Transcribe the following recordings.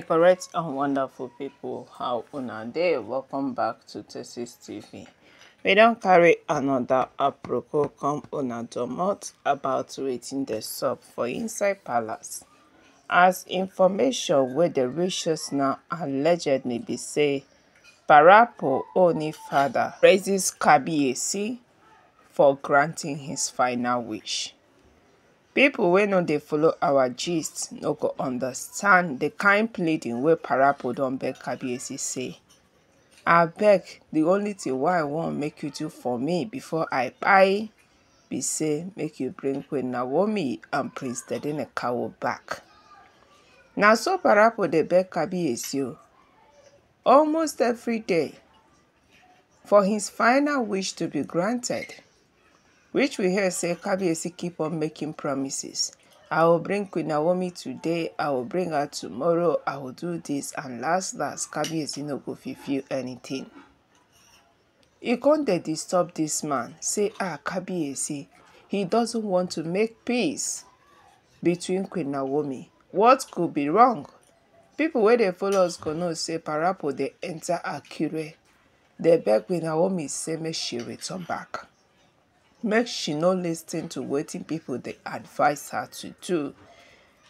correct and wonderful people, how una day, welcome back to texas tv we don't carry another aproko come on a domot about waiting the sub for inside palace as information where the riches now allegedly be say Barapo only father praises kabiyesi for granting his final wish People, wey no dey follow our gist no go understand the kyn pleading wey parapo don beg kabiyesi say abeg the only thing wey i want make you do for me before i kpai be say make you bring queen naomi and prince tedenekawo back na so parapo dey beg kabiyesi o almost every day for his final wish to be granted which we hear say Kabiyesi keep on making promises. I will bring Queen Naomi today, I will bring her tomorrow, I will do this, and last last, Kabiyesi no go fulfill anything. E con dey disturb dis man, say ah Kabiyesi, he doesn't want to make peace between Queen Naomi. What could be wrong? People wey dey follow us go know say Parapo dey enter Akure. Dey beg Queen Naomi say make she return back make she no lis ten to wetin people dey advise her to do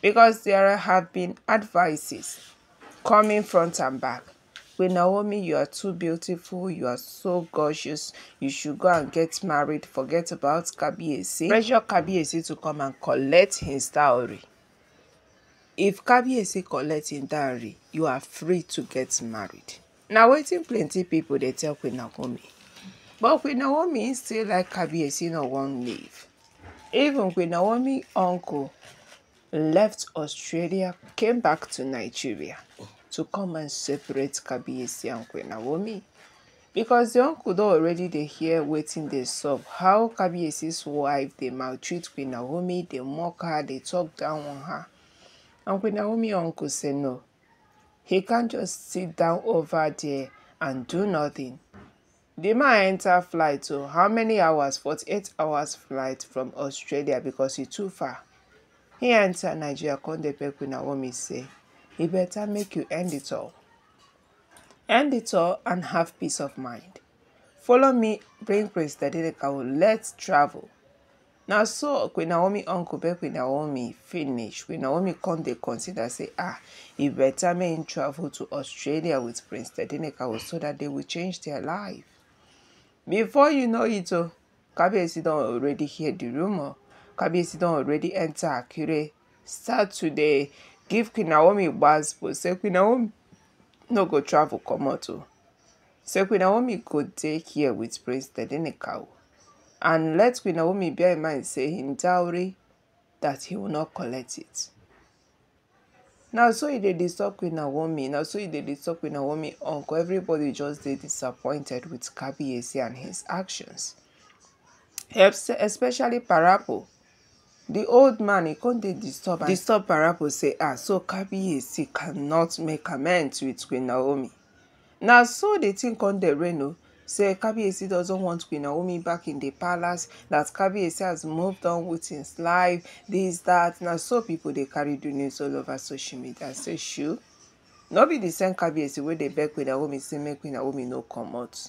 because there have been advices coming front and back pe naomi you are too beautiful you are so gorgeous you should go and get married forget about kabiyesi pressure kabiyesi to come and collect his dowry if kabiyesi collect him dowry you are free to get married na wetin plenty people dey tell queen naomi But Queen Naomi still like no won't leave. Even Queen Naomi uncle left Australia, came back to Nigeria to come and separate Kabiesi and Queen Naomi. Because the uncle though already they here waiting they solve how Kabiesi's wife they maltreat Queen Naomi, they mock her, they talk down on her. And Queen Naomi uncle said no. He can't just sit down over there and do nothing the man enter flight to oh. how many hours 48 hours flight from australia because e too far he enter nigeria come dey peck una warn me say e better make you end it all end it all and have peace of mind follow me bring president adelekawo let's travel na so queen naomi uncle beg queen naomi finish queen naomi come dey consider say ah e better make im travel to australia with prince tedinika oh, so that they will change their life Before you know it, oh, Kabiyesi don already hear the rumor. Kabiyesi don already enter Akure. Start today. Give Queen Naomi but Say Queen Naomi no go travel come out, oh. Say Queen Naomi go take here with Prince Tedeneka o. Oh. And let Queen Naomi bear in mind say in dowry that he will not collect it na so e dey disturb queen naomi na so e dey disturb queen naomi uncle everybody just dey disappointed with kabiyesi and his actions especially parapo the old man He can't dey disturb disturb parapo say ah so kabiyesi cannot make amends with queen naomi na so the thing come dey reign o oh say Kabiyesi doesn't want Queen Naomi back in the palace, that Kabiyesi has moved on with his life, this, that. Now, so people they carry the news all over social media. Say, sure. no be the same kabiyesi wey dey beg queen naomi say make queen naomi no comot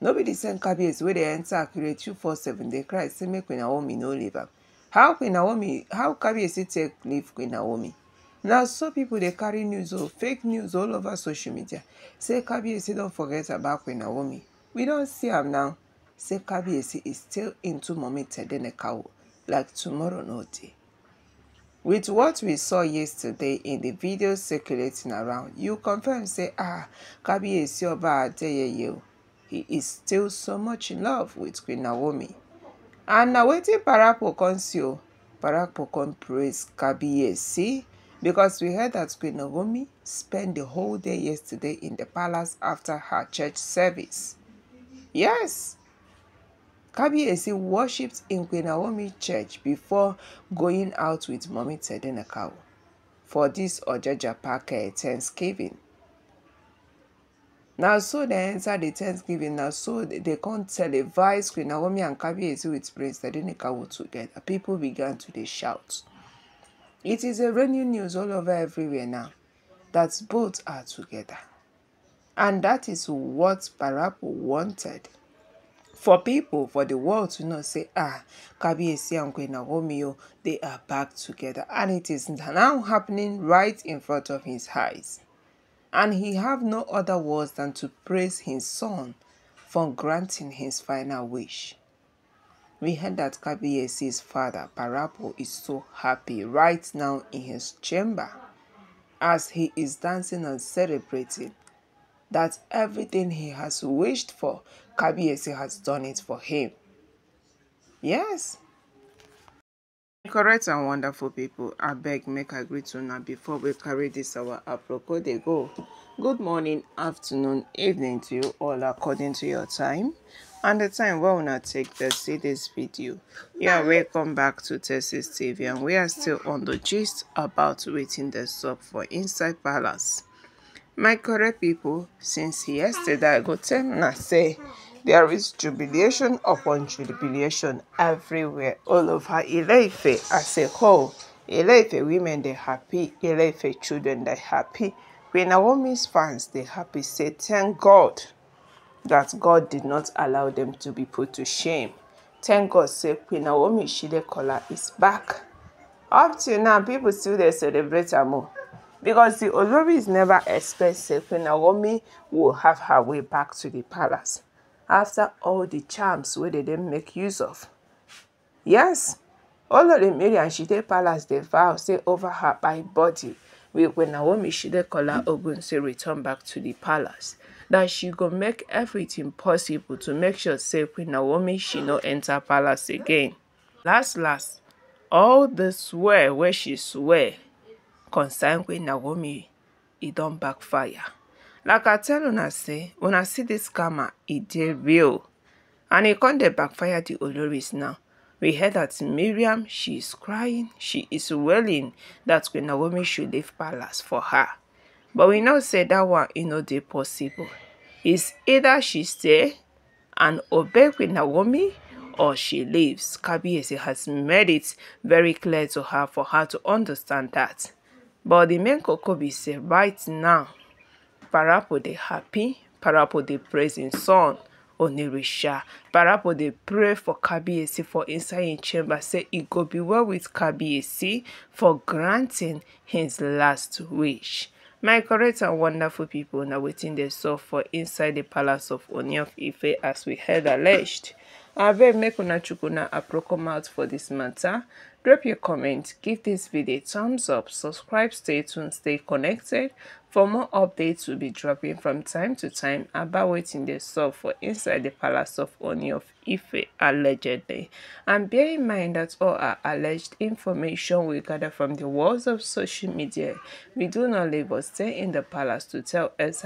no be the same kabiyesi wey dey enter akure two four seven dey cry say make queen naomi no leave am how queen naomi how kabiyesi take leave queen naomi na so people dey carry news o oh, fake news all over social media say kabiyesi don forget about queen naomi We don't see him now. Say Kabiesi is still into Mommy Tedenekau, like tomorrow no day. With what we saw yesterday in the video circulating around, you confirm say, ah, Kabiesi Oba Adeyeye, he is still so much in love with Queen Naomi. And na wetin Parapo come see o, Parapo come praise Kabiesi because we heard that Queen Naomi spent the whole day yesterday in the palace after her church service. Yes. Kabiesi worshipped in Queen Naomi Church before going out with Mommy Tedenakawo for this Ojaja Parker eh, Thanksgiving. Now, so they enter the Thanksgiving. Now, so they, can't televise Queen Naomi and Kabiesi with Prince Tedenakawo together. People began to they shout. It is a raining news all over everywhere now that both are together. And that is what Parapo wanted. For people, for the world to not say, ah, Kabiesi and Queen Naomi, oh, they are back together. And it is now happening right in front of his eyes. And he have no other words than to praise his son for granting his final wish. We heard that Kabiesi's father, Parapo, is so happy right now in his chamber as he is dancing and celebrating that everything he has wished for, Kabiesi has done it for him. Yes. correct and wonderful people. I beg, make i greet now. before we carry this our aproco, de go good morning afternoon evening to you all according to your time and the time we will not take to see this video yeah welcome back to texas tv and we are still on the gist about waiting the sub for inside palace my correct people, since yesterday i go tell una say there is jubilation upon jubilation everywhere all over ileife as a whole ileife women dey happy ileife children dey happy queen naomi's fans dey happy say thank god that god did not allow them to be put to shame thank god say queen naomi shidekola is back up till now people still dey celebrate am o oh because the Olori is never expected when Naomi will have her way back to the palace after all the charms where they didn't make use of. Yes, Olori Mary and Shide Palace they vow stay over her by body when Naomi Shidekola Ogunse return back to the palace that she go make everything possible to make sure say Queen Naomi she no enter palace again. Last last, all the swear where she swear concern wey naomi e don backfire like i tell una say una see this scammer e dey real and e con dey backfire The oloris now we heard that miriam she is crying she is wailing that queen naomi should leave palace for her but we know say that one is e not dey possible It's either she stay and obey queen naomi or she leaves kabiyesi has made it very clear to her for her to understand that but the main cocoa be say right now parapo they happy parapo dey praise im son onirisha parapo they pray for kabiyesi for inside in chamber say it go be well with kabiyesi for granting his last wish my correct and wonderful people now wetin dey sup for inside the palace of oni of ife as we heard alleged abeg make una chukuna a apro come out for this matter. Drop your comment, give this video a thumbs up, subscribe, stay tuned, stay connected for more updates we will be dropping from time to time about what's in the store for inside the palace of Oni of Ife allegedly. And bear in mind that all our alleged information we gather from the walls of social media. We do not live or stay in the palace to tell us